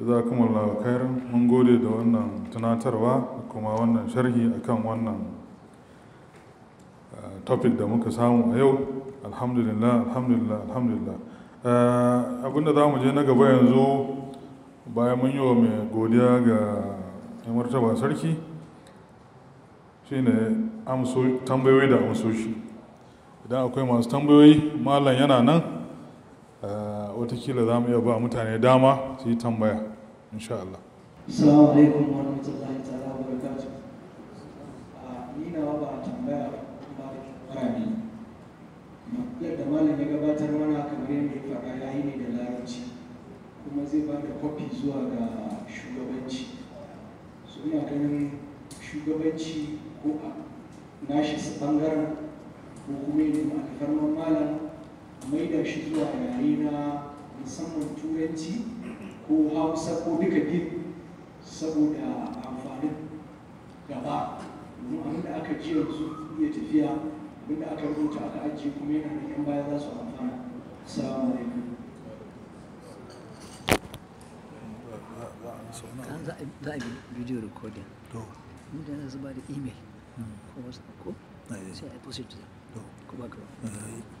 za kuma lafakar mun gode da wannan tunatarwa kuma wannan sharhi akan wannan eh, topic da muka samu a yau alhamdulillah alhamdulillah alhamdulillah eh, abinda za mu je na gaba yanzu bayan mun yi wa mai godiya ga martaba sarki shine tambayoyi da amsoshi idan akwai masu tambayoyi malam yana nan watakila za mu iya ba mutane dama su yi tambaya insha Allah. Assalamu alaikum wa rahmatullahi ta'ala wa barakatuh. Ni na ba tambaya ba da kara ne. Yadda malam ya gabatar mana kamar yadda ya faɗa ya yi ne da larabci kuma zai ba da kwafi zuwa ga shugabanci. So ina ganin shugabanci ko a nashi su bangaren ko kuma yin alfarman malam mai da shi zuwa yare na musamman turanci ko hausa ko duka biyu saboda amfanin gaba domin abinda aka ji yanzu iya tafiya abinda aka rubuta aka ajiye kuma yana da yan baya za su amfana salamu alaikum za a yi video recording mutane su ba da email hmm. ko wasu ko eh. sai a yi posit ko ba ka ba eh.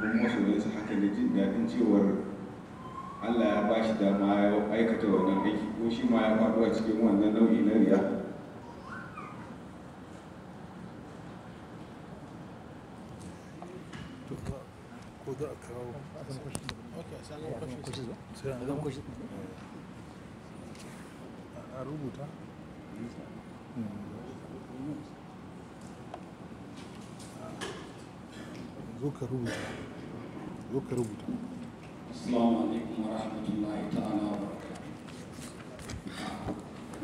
kuma masoyinsa haka da jin daɗin cewar Allah ya bashi dama ya aikata wannan aiki ko shi ma ya faɗo a cikin wannan nau'i na riya a rubuta hmm. zo ka rubuta zo ka rubuta assalamu alaikum wa ta'ala wa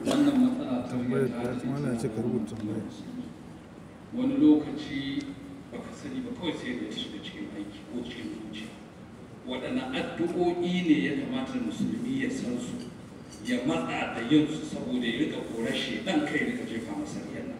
wannan matsala ta ta ce ka rubuta wani lokaci ba ka sani ba kawai sai da cikin aiki ko cikin zuciya waɗanne addu'o'i ne ya kamata musulmi ya san su ya matsa da yin su saboda ya rika korar shi dan kai rika jefa masa yana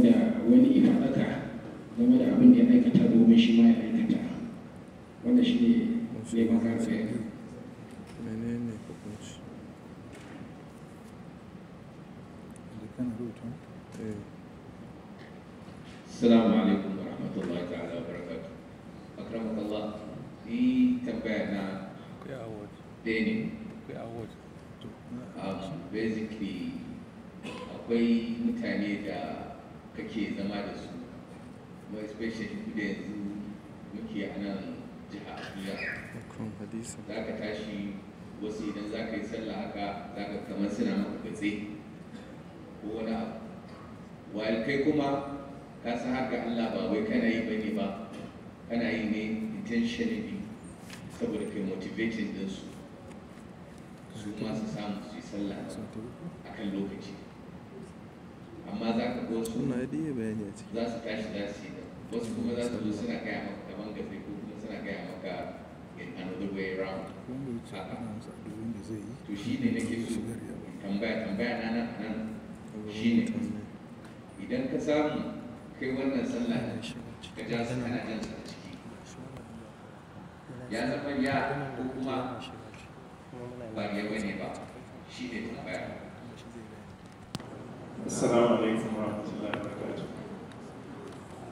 game da wani ifaɗaka game da abin da ya aikata domin shi ma ya aikata wanda shi ne neman karfe menene hukunci eh. Assalamu alaikum wa rahmatullahi ta'ala wa barakatu. Akramakallah, ni tambaya na ɗaya ne. Um, basically, akwai mutane da kake zama da su kuma especially ku yanzu muke a nan jiha abuja za ka tashi wasu idan za ka yi sallah haka za ka kamar suna maka gatse ko wani abu kai kuma ka san haka allah ba wai kana yi bane ba kana yi ne intentionally saboda kai motivating din su su ma su samu su yi sallah a kan lokaci amma za ka ga wasu za su tashi za su yi wasu kuma za su zo suna gaya maka kamar gaske ko kuma suna gaya maka in another way around haka to shi ne nake so tambaya tambaya na nan nan shi ne idan ka samu kai wannan sallah ka ja su kana jan su ciki ya zama ya ko kuma ba yawa ne ba shi ne tambaya assalamu alaikum wa rahmatullahi wa barakatuh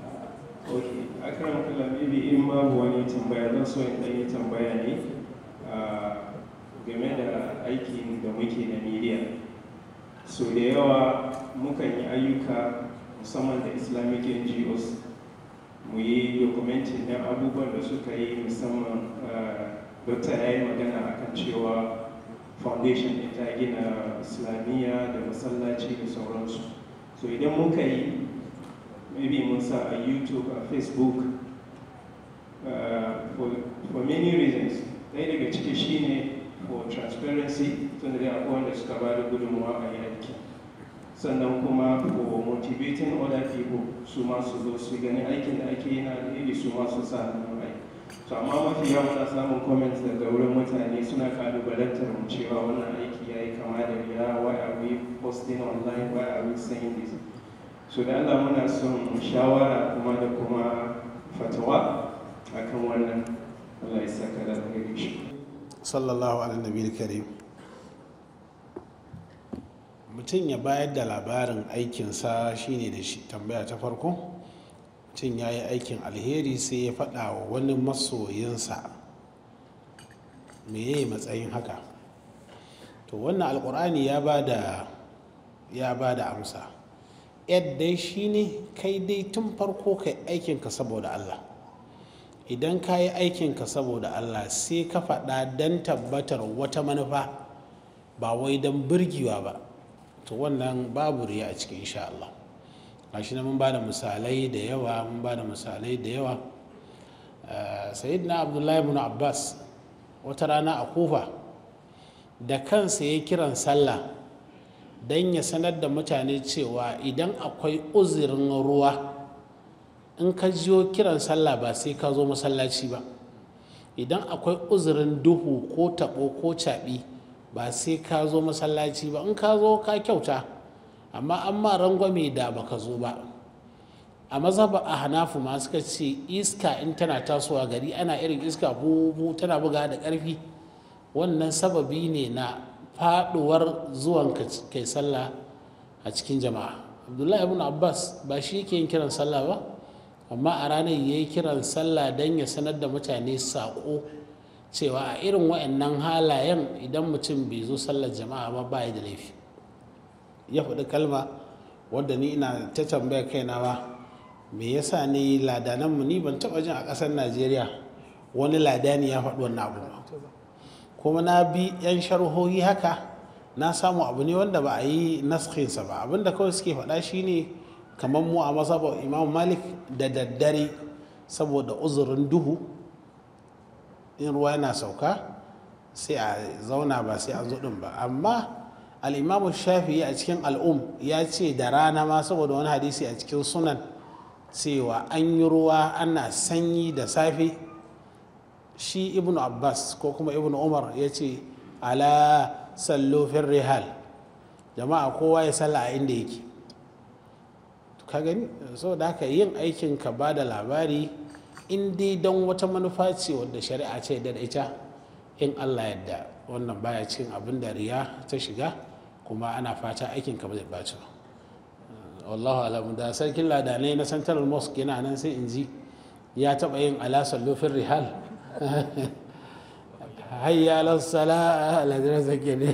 uh, ok akram kala maybe in wani tambaya zan so yi tambaya ne uh, game da aikin da muke na media so da yawa mukan yi ayyuka musamman da islamic ngos mu yi dokumentin na abubuwan da suka yi musamman uh, dokta ya yi magana akan cewa foundation ne ta gina islamiyya da masallaci da sauransu so idan muka yi maybe mun sa a youtube a facebook uh, for, for many reasons ɗaya daga ciki shine for transparency tun da akwai wanda suka ba da gudunmawa a yanki sannan kuma for motivating other people su masu zo su gani aikin da ake yana da iri su masu sa hannun aiki to amma mafi yawa muna samun comments daga wurin mutane suna kalubalantar mu cewa wannan aiki yayi kama da riya why are we posting online why are we saying this so da Allah muna son shawara kuma da kuma fatawa akan wannan Allah ya saka da alheri sallallahu alaihi nabiyil karim mutum ya bayar da labarin aikinsa shine da tambaya ta farko cin ya yi aikin alheri sai ya faɗa wa wani masoyinsa meye matsayin haka to wannan alkur'ani ya ba da amsa. dai amsa yadda shi ne kai dai tun farko ka yi aikinka saboda allah idan ka yi aikinka saboda allah sai ka faɗa don tabbatar wata manufa ba wai don birgiwa ba to wannan babu riya a cikin insha allah gashi na mun ba da misalai da yawa mun ba da misalai da yawa eh, na abdullahi ibn abbas wata rana a kufa da kansa ya kiran sallah don ya sanar da mutane cewa idan akwai uzirin ruwa in ka jiyo kiran sallah ba sai ka zo masallaci ba idan akwai uzirin duhu ko taɓo ko caɓi ba sai ka zo masallaci ba in ka zo ka kyauta amma an ma rangwame da baka zo ba a mazaba a hanafu ma suka ce iska in tana tasowa gari ana irin iska bubu tana buga da ƙarfi wannan sababi ne na faɗuwar zuwan kai sallah a cikin jama'a abdullahi ibn abbas ba shi yake yin kiran sallah ba amma a ranar ya yi kiran sallah don ya sanar da mutane saƙo cewa a irin wayannan halayen idan mutum bai zo sallar jama'a ba ba da laifi ya faɗi kalma wadda ni ina ta tambaya kaina ba me yasa ne mu ni ban taɓa jin a ƙasar najeriya wani ladani ya faɗi wannan abu ba kuma na bi 'yan sharhohi haka na samu abu ne wanda ba a yi naskinsa ba abinda kawai suke faɗa shine kamar mu a masaba imam malik da daddare saboda uzurin duhu in ruwa yana sauka sai a zauna ba sai a zo ɗin ba amma al'imamu shafi a cikin al'um ya ce da rana ma saboda wani hadisi a cikin sunan cewa an yi ruwa ana sanyi da safe shi ibnu abbas ko kuma ibnu umar ya ce ala sallofin rihal jama'a kowa ya salla a inda yake ka gani saboda haka yin aikin ka ba da labari in dai don wata manufa ce wadda shari'a ce da ita in allah yadda wannan baya cikin abin da riya ta shiga kuma ana fata aikin ka ba zai eh, wallahu alamu da sarkin ladanai na central mosque yana nan sai in ji ya taɓa yin alasan lufin rihal hayyalar sala alazirar zake ne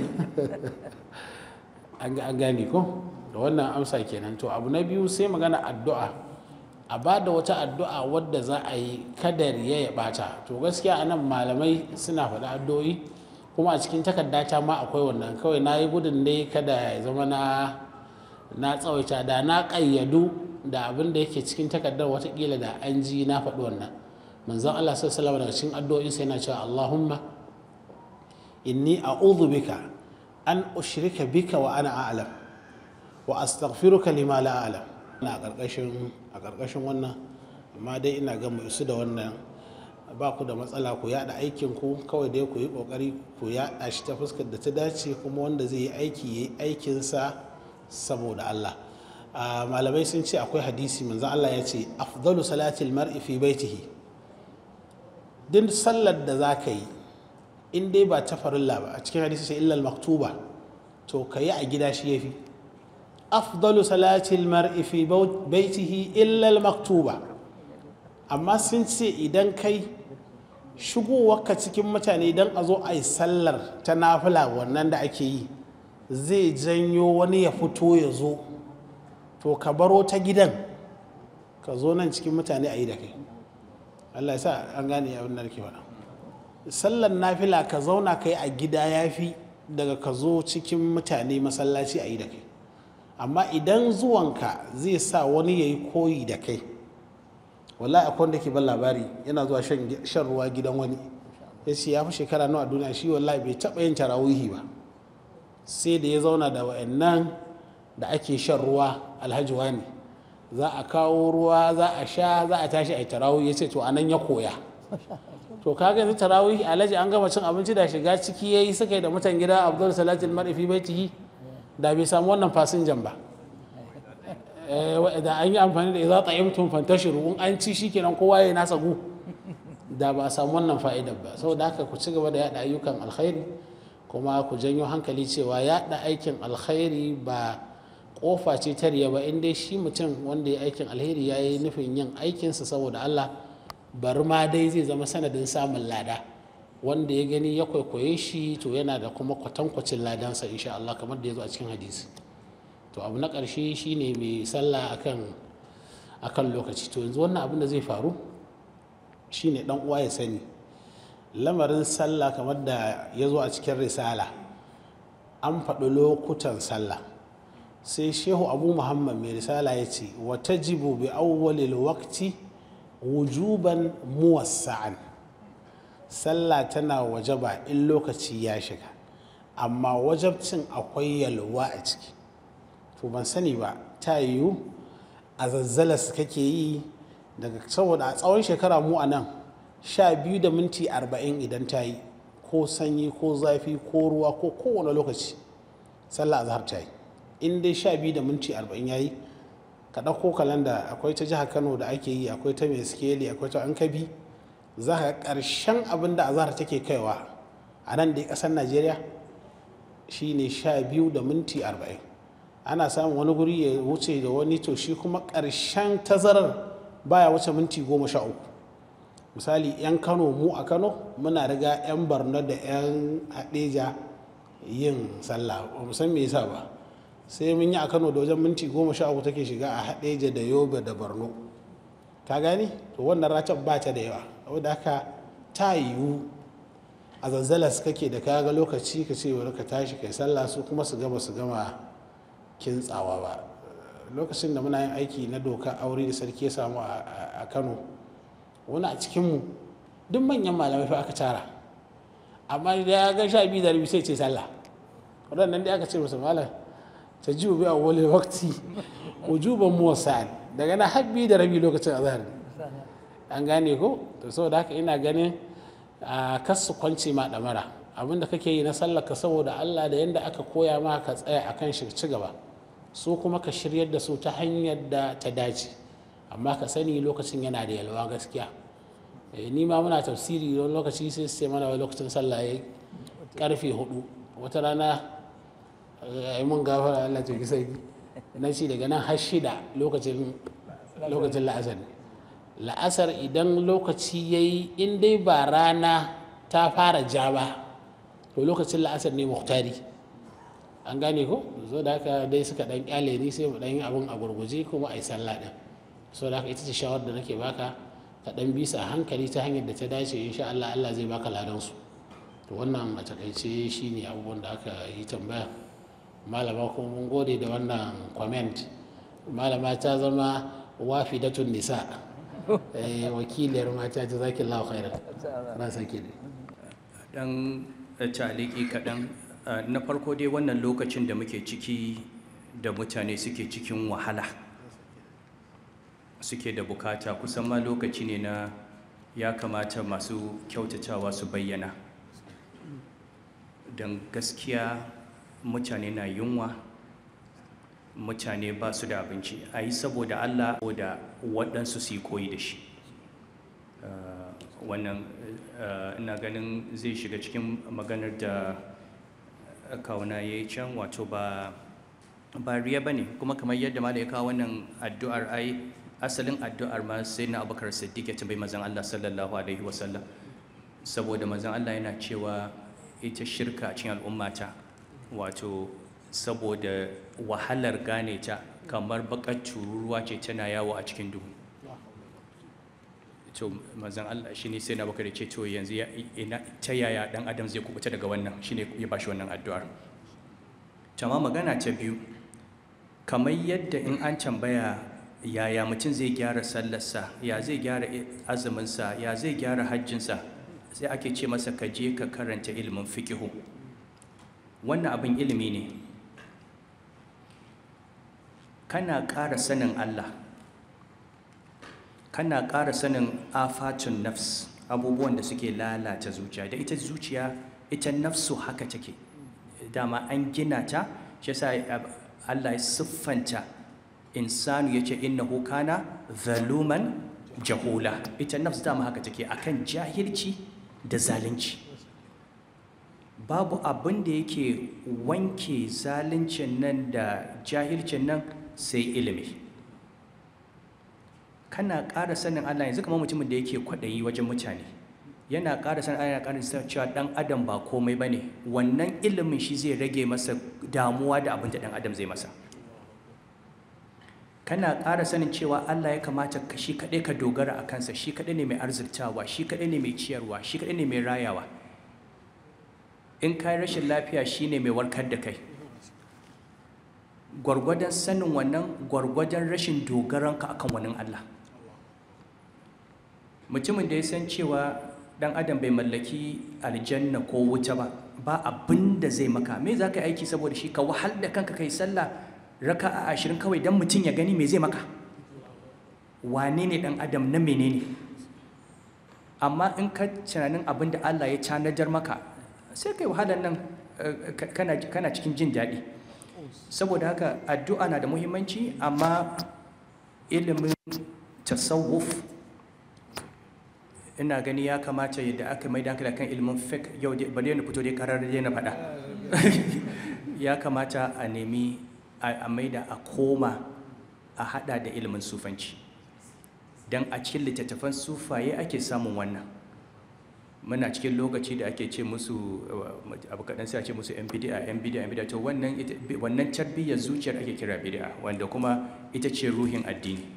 an gani ko da wannan amsa kenan to abu na biyu sai magana addu'a a ba da wata addu'a wadda za a yi kadar ya ya bata to gaskiya anan malamai suna faɗa addu'o'i kuma a cikin takarda ta ma akwai wannan kawai na yi gudun ne kada ya zama na na tsawaita da na kayyadu da abin da yake cikin takardar watakila da an ji na faɗi wannan manzan Allah sai salama daga cikin addu'o'in sa yana cewa Allahumma inni a'udhu bika an ushrika bika wa ana a'lam wa astaghfiruka lima la a'lam na a ƙarƙashin wannan amma dai ina ga mu isu da wannan ba ku da matsala ku yada aikin ku kawai dai ku yi kokari ku yada shi ta fuskar da ta dace kuma wanda zai yi aiki ya yi aikinsa saboda Allah malamai sun ce akwai hadisi manzo Allah ya ce afdalu salatil mar'i fi baitihi din sallar da za ka yi in dai ba ta farilla ba a cikin hadisi sai illal maktuba to ka yi a gida shi yafi afdalu salatil mar'i fi baitihi illal maktuba amma sun ce idan kai shigowarka cikin mutane don a zo a yi sallar ta nafila wannan da ake yi zai janyo wani ya fito ya zo to ka baro ta gidan ka zo nan cikin mutane a yi da kai allah ya sa an gane abin da ke faɗa sallar nafila ka zauna kai a gida ya fi daga ka zo cikin mutane masallaci a yi da kai amma idan zuwanka zai sa wani ya yi koyi da kai wallahi akwai wanda ke ban labari yana zuwa shan ruwa gidan wani ya ce ya fi shekara nawa a duniya shi wallahi bai taɓa yin tarawihi ba sai da ya zauna da wa'annan da ake shan ruwa alhaji wani za a kawo ruwa za a sha za a tashi a yi tarawihi ya ce to anan ya koya to kaga yanzu tarawihi alhaji an gama cin abinci da shiga ciki ya yi suka yi da mutan gida abdul salatin mar'ifi baitihi da bai samu wannan fasinjan ba Eh, da an yi amfani da yi mutum fantashiru in an ci shikenan kowa ya nasa gu da ba a samu wannan fa'idar ba saboda haka ku ci gaba da yada ayyukan alkhairi kuma ku janyo hankali cewa yada aikin alkhairi ba kofa ce ta riya ba inda shi mutum wanda ya aikin alheri ya yi nufin yin aikinsa saboda Allah bari ma dai zai zama sanadin samun lada wanda ya gani ya kwaikwaye shi to yana da kuma kwatankwacin ladansa insha Allah kamar da ya zo a cikin hadisi to abu na ƙarshe shine mai sallah a kan lokaci to yanzu wannan abin da zai faru shine dan uwa ya sani lamarin sallah kamar da ya zo a cikin risala an faɗi lokutan sallah sai shehu abu muhammad mai risala ya ce wata jibu bi awwalil waqti wujuban muwassa'an sallah tana wajaba in lokaci ya shiga amma wajabcin akwai yalwa a ciki to ban sani ba ta yiwu a zazzalas kake yi daga saboda a tsawon shekara mu a nan sha biyu da minti arba'in idan ta yi ko sanyi ko zafi ko ruwa ko kowane lokaci sallah azhar ta yi in dai sha biyu da minti arba'in ya yi ka ɗauko kalanda akwai ta jihar kano da ake yi akwai ta mai sikeli akwai ta an kabi za ka ƙarshen abin da azhar take kaiwa a nan dai ƙasar najeriya shine sha biyu da minti arba'in ana samun wani guri ya wuce da wani to shi kuma ƙarshen tazarar baya wuce minti goma sha uku misali 'yan kano mu a kano muna riga 'yan barna da 'yan hadeja yin sallah ba mu san me yasa ba sai mun yi a kano da wajen minti goma sha uku take shiga a hadeja da yobe da barno ta gani to wannan ratan ba ta da yawa wadda haka ta yiwu a zanzalas kake da ka ga lokaci ka ce wani ka tashi kai sallah su kuma su gama su gama kintsawa ba lokacin da muna yin aiki na doka aure da sarki ya samu a kano wani a cikinmu duk manyan malamai fa aka tara amma da ya ga sha biyu da rabi sai ce sallah waɗannan da aka ce musu malam ta ji ubi a wani wakti ujuban muwasa'an daga na har biyu da rabi lokacin azhar an gane ko to saboda haka ina ganin a kasu kwanci ma ɗamara abinda kake yi na sallaka ka saboda allah da yadda aka koya ma ka tsaya akan shi ci gaba su kuma ka shiryar da su ta hanyar da ta dace amma ka sani lokacin yana da yalwa gaskiya eh, ni ma muna tafsiri don lokaci sai su mana wani lokacin sallah ya karfe hudu wata rana yi eh, mun gafara Allah ta gisa na ci daga nan har shida lokacin la'asar la'asar idan lokaci ya yi in dai ba rana ta fara ja ba to lokacin la'asar ne muhtari an gane ko zo da haka dai suka dan kyale ni sai mu dan yi abun a gurguje kuma yi sallah din so da haka ita ce shawar da nake baka ka dan bisa a hankali ta hanyar da ta dace insha Allah Allah zai baka ladan su to wannan a takaice shine abubuwan da aka yi tambaya malama kuma mun gode da wannan comment malama ta zama wafidatun nisa eh, wakiliyar mata ta zaki Allah khairan na sake dan kaɗan Ah, na farko dai wannan lokacin da muke ciki da mutane suke cikin wahala suke da bukata kusan ma lokaci ne na ya kamata masu kyautatawa su bayyana don gaskiya mutane na yunwa mutane ba su da abinci a yi saboda allah da waɗansu su yi koyi da shi ah, wannan ah, ina ganin zai shiga cikin maganar da kauna ya yi can wato ba ba riya ba ne kuma kamar yadda ma da ya kawo wannan addu'ar ai asalin addu'ar ma sai na abubakar siddiq ya tambayi mazan allah sallallahu alaihi wasallam saboda mazan allah yana cewa ita shirka a cikin al'ummata wato saboda wahalar gane ta kamar bakar tururuwa ce tana yawo a cikin duhu to mazan Allah shi ne sai na bakar ce to yanzu ta yaya dan adam zai kubuta daga wannan shi ne ya bashi wannan addu'ar tama magana ta biyu kamar yadda in an tambaya yaya mutum zai gyara sallarsa ya zai gyara azuminsa ya zai gyara hajjinsa sai ake ce masa ka je ka karanta ilimin fikihu wannan abin ilimi ne kana ƙara sanin Allah kana ƙara sanin afatun nafs abubuwan da suke lalata zuciya da ita zuciya ita nafsu haka take dama an gina ta shi yasa eh, Allah ya siffanta insanu yace innahu kana zaluman jahula ita nafsu dama haka take akan jahilci da zalunci babu abin da yake wanke zaluncin nan da jahilcin nan sai ilimi kana ƙara sanin Allah yanzu kamar mutumin da yake kwaɗayi wajen mutane yana ƙara sanin Allah yana ƙara cewa ɗan adam ba komai ba ne wannan ilimin shi zai rage masa damuwa da abin da ɗan adam zai masa kana ƙara sanin cewa Allah ya kamata ka shi kaɗai ka dogara a kansa shi kaɗai ne mai arziktawa shi kaɗai ne mai ciyarwa shi kaɗai ne mai rayawa in kai rashin lafiya shi ne mai warkar da kai gwargwadon sanin wannan gwargwadon rashin dogaranka akan wannan Allah mutumin da ya san cewa dan adam bai mallaki aljanna ko wuta ba ba abin da zai maka me za ka yi aiki saboda shi ka wahal da kanka kai sallah raka a ashirin kawai dan mutum ya gani me zai maka wane ne dan adam na menene amma in ka tunanin abin da Allah ya canadar maka sai kai wahalar nan eh, kana cikin jin daɗi saboda haka addu'a na da muhimmanci amma ilimin tasawuf ina gani ya kamata yadda aka mai da hankali kan ilimin fek yau bari na fito dai karar dai na faɗa ya kamata a nemi a mai da a koma a haɗa da ilimin sufanci don a cikin littattafan sufaye ake samun wannan muna cikin lokaci da ake ce musu eh, abu kaɗan sai a ce musu mbda mbda mbda to wannan tarbiyyar zuciyar ake kira bid'a wanda kuma ita ce ruhin addini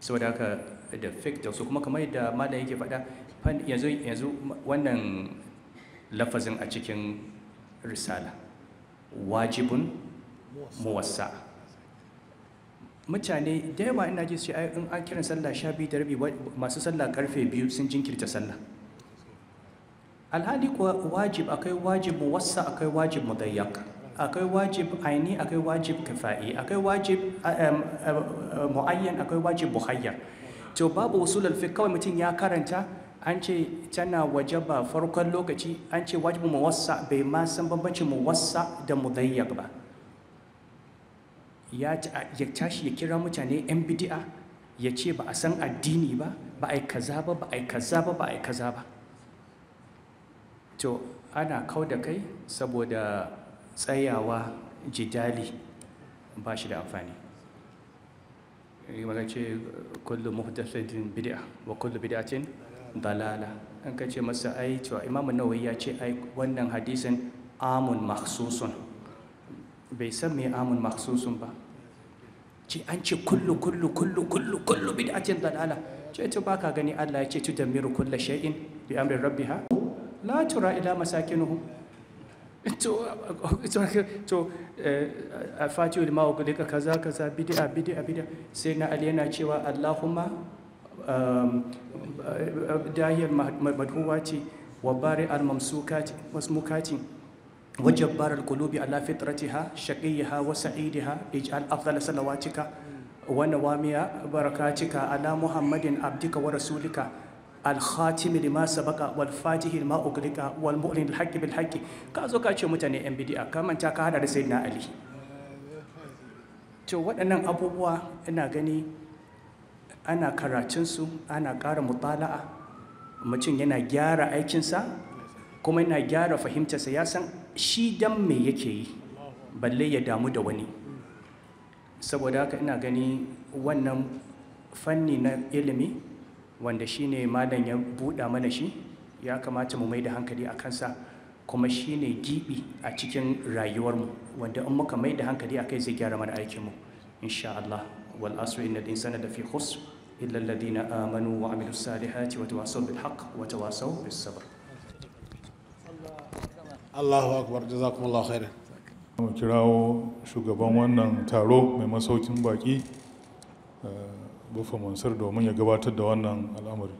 saboda haka da fake da su kuma kamar yadda malam yake faɗa yanzu yanzu wannan lafazin a cikin risala wajibun muwassa mutane da yawa ina ji su in an kiran sallah sha biyu da rabi masu sallah karfe biyu sun jinkirta sallah alhali kuwa wajib akai wajib muwassa akai wajib mudayyak akwai wajib aini akwai wajib kafa'i, akwai wajib eh, eh, eh, mu'ayyan akwai wajib muhayyar to babu wasu fiqh kawai mutum ya karanta an ce tana ba farkon lokaci an ce wajibu muwassa bai ma san bambancin muwassa da mudayyak ba ya tashi ya kira mutane yan bidi'a ya ce ba a san addini ba ba a yi kaza ba ba a yi kaza ba ba a yi kaza ba to ana kau da kai saboda tsayawa jidali ba shi da amfani mana ce kullum muhdathatin bid'a wa kullu bid'atin dalala an ka ce masa ai cewa imamu nawawi ya ce ai wannan hadisin amun mahsusun bai san me amun mahsusun ba ce an ce kullu kullu kullu kullu kullu bid'atin dalala ce to baka gani Allah ya ce tudammiru kullu shay'in bi amri rabbiha la tura ila masakinuhum to eh, a fatiyar ma'auku daga kaza kaza bid'a bid'a bid'a sai na ali yana cewa allahumma um, dahiyar madhuwa ce wa bari al-mamsukati wajabbar al-qulubi ala fitratiha shaqiyaha wa sa'idaha ij'al afdal salawatika wa nawamiya barakatika ala muhammadin abdika wa rasulika الخاتم لما سبق والفاتح لما أغلق والمؤمن الحق بالحق كازو كاتشو متاني ام بي دي كما انت da سيدنا علي to waɗannan abubuwa ina gani ana karatunsu ana ƙara mutala'a mutum yana gyara aikinsa kuma yana gyara fahimtarsa ya san shi dan me yake yi balle ya damu da wani saboda haka ina gani wannan fanni na ilimi wanda shi ne malam ya buɗa mana shi ya kamata mu mai da hankali a kansa kuma shi ne gibi a cikin rayuwarmu wanda in muka mai da hankali a kai zai gyara mana aikinmu insha Allah wal asri innal insana fi khus illa alladhina amanu wa amilu salihati wa tawasaw bil haqq wa tawasaw bis sabr Allahu akbar jazakumullahu khairan mu kirawo shugaban wannan taro mai masaukin baki eh, bufa mansur domin ya gabatar da wannan al'amari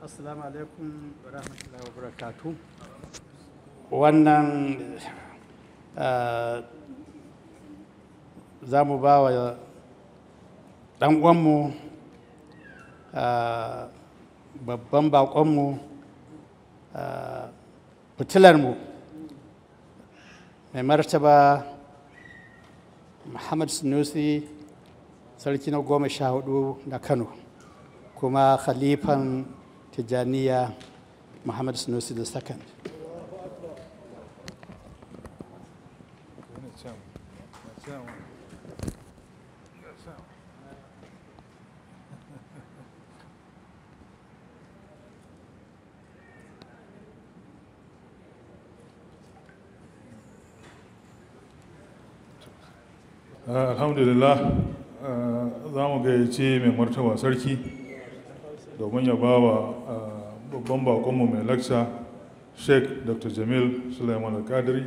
assalamu alaikum rahmatullahi wa barakatu wannan eh, za mu ba wa ɗan eh, babban baƙonmu eh, fitilarmu mai martaba muhammad sunusi sarki na goma sha hudu na kano kuma khalifan tijjaniya muhammad sunusi da second Uh, alhamdulillah Eh, za mu gayyace mai martaba sarki domin ya ba wa eh, babban bakonmu mai laksa sheik dr jamil suleiman al-kadiri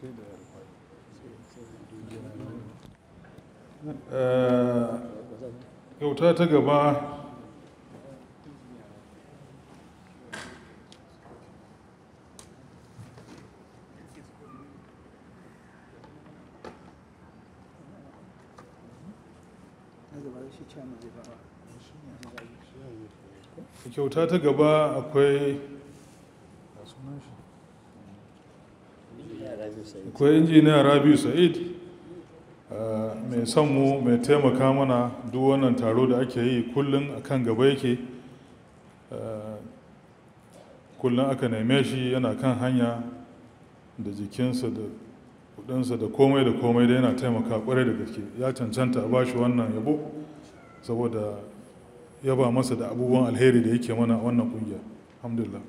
Eh, kyauta ta gaba kyauta ta gaba akwai akwai injiniya Rabi sa'id eh, mai mu mai taimaka mana duk wannan taro da ake yi kullum a kan gaba yake eh, kullum aka neme shi yana kan hanya da jikinsa da kudinsa da komai da komai da yana taimaka kwarai da gaske ya cancanta a bashi wannan yabo saboda ya ba masa da abubuwan alheri da yake mana a wannan kungiya alhamdulillah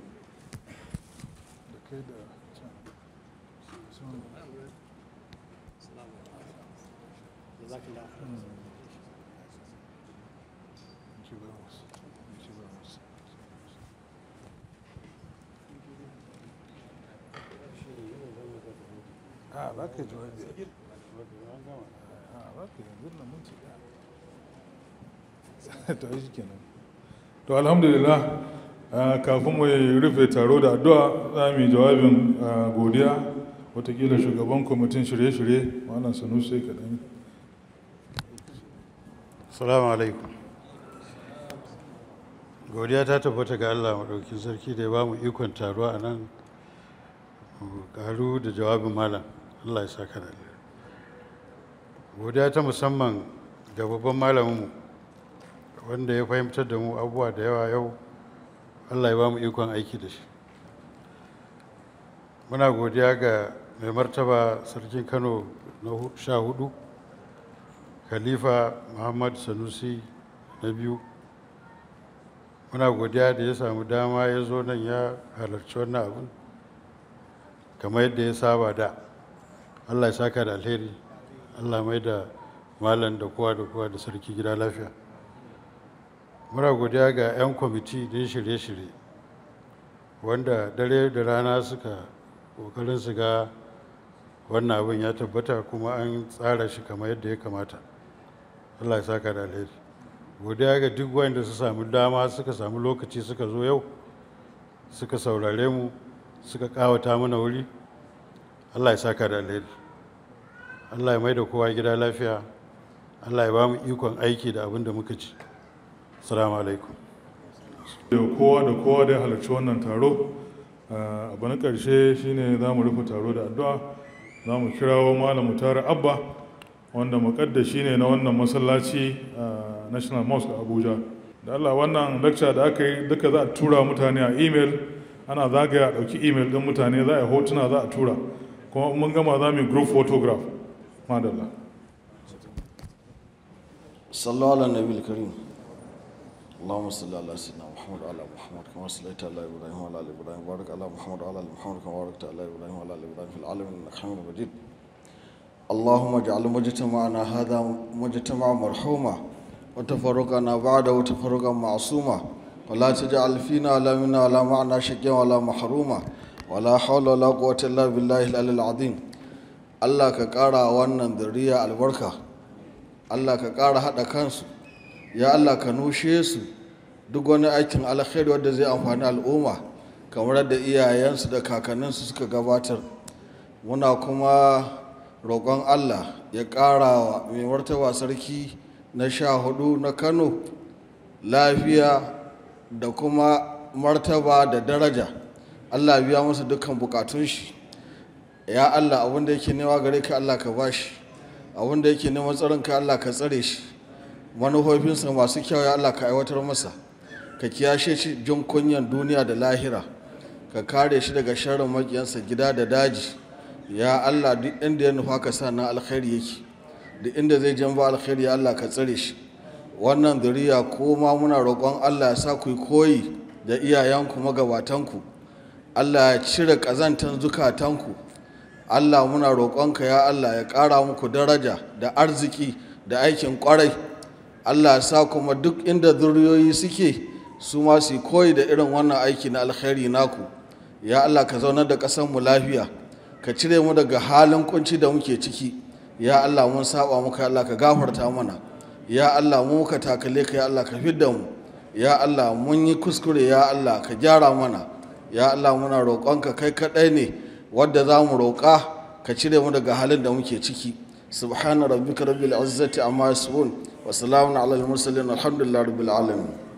to shi kenan to alhamdulillah ah, kafin mu rufe taro da addu'a za mu yi jawabin ah, godiya watakila shugaban kwamitin shirye-shirye wannan sanusi kaɗan Assalamu alaikum. Godiya ta tabbata ga Allah maɗaukin sarki da ya ba mu ikon taruwa a nan ƙaru da jawabin malam Allah ya saka da Godiya ta musamman ga babban malaminmu wanda ya fahimtar da mu abubuwa da yawa yau Allah ya ba mu ikon aiki da shi. Muna godiya ga mai martaba sarkin Kano na sha hudu. khalifa muhammad sanusi na biyu muna godiya da ya samu dama ya zo nan ya halarci wannan abin kamar yadda ya saba da allah ya saka da alheri allah mai da malam da kowa da kowa da sarki gida lafiya muna godiya ga 'yan kwamiti din shirye-shirye wanda dare da rana suka kokarin su ga wannan abin ya tabbata kuma an tsara shi kamar yadda ya kamata Allah ya saka da alheri godiya ga duk wanda su samu dama suka samu lokaci suka zo yau suka saurare mu suka kawata mana wuri Allah ya saka da alheri Allah ya maida kowa gida lafiya Allah ya ba mu ikon aiki da abin da muka ci salamu alaikum da kowa da kowa da halarci wannan taro abu na ƙarshe shine za mu rufe taro da addu'a za mu kirawo malam tara abba wanda shi ne na wannan masallaci a national mosque abuja da allah wannan lecture da aka yi duka za a tura mutane a email ana zagaya a ɗauki email ɗin mutane za a hotuna za a tura kuma mun gama za mu group photograph madalla sallallahu ala nabi karim اللهم صل على سيدنا محمد وعلى محمد كما صليت على ابراهيم وعلى ال ابراهيم وبارك على محمد وعلى ال محمد كما باركت على ابراهيم وعلى ال ابراهيم في العالمين انك حميد مجيد اللهم اجعل مجتمعنا هذا مجتمع مرحوما وتفرقنا بعد وتفرقا معصوما ولا تجعل فينا لا منا ولا معنا شقيا ولا محروما ولا حول ولا قوة إلا بالله العلي العظيم Allah ka ƙara wannan zuriya albarka Allah ka kara haɗa kansu ya Allah ka nushe su duk wani aikin alkhairi wanda zai amfani al'umma kamar da iyayensu da kakanninsu suka gabatar muna kuma roƙon allah ya ƙara wa mai martaba sarki na sha hudu na kano lafiya da kuma martaba da daraja allah biya masa dukkan bukatun shi ya allah abinda yake newa gare ka allah ka bashi abinda yake neman tsarin ka allah ka tsare shi manufofinsa masu kyau ya allah ka aiwatar masa ka kiyashe shi jin kunyan duniya da lahira ka kare shi daga sharin makiyansa gida da daji ya Allah duk inda ya nufa ka sa na alkhairi yake duk inda zai jan ba alkhairi Allah ka tsare shi wannan zuriya ko ma muna roƙon Allah ya sa ku koyi da iyayenku magabatanku Allah ya cire ƙazantan zukatanku Allah muna roƙonka ya Allah ya ƙara muku daraja da arziki da aikin ƙwarai Allah ya sa kuma duk inda zuriyoyi suke su ma su koyi da irin wannan aiki na alkhairi naku ya Allah ka zaunar da ƙasarmu lafiya ka cire mu daga halin kunci da muke ciki ya Allah mun saba muka Allah ka gafarta mana ya Allah mu ka takale ka ya Allah ka fidda mu ya Allah mun yi kuskure ya Allah ka gyara mana ya Allah muna roƙonka kai kaɗai ne wadda za mu roƙa ka cire mu daga halin da muke ciki subhana rabbika rabbil izzati amma yasifun wa salamun alal mursalin alhamdulillahi rabbil alamin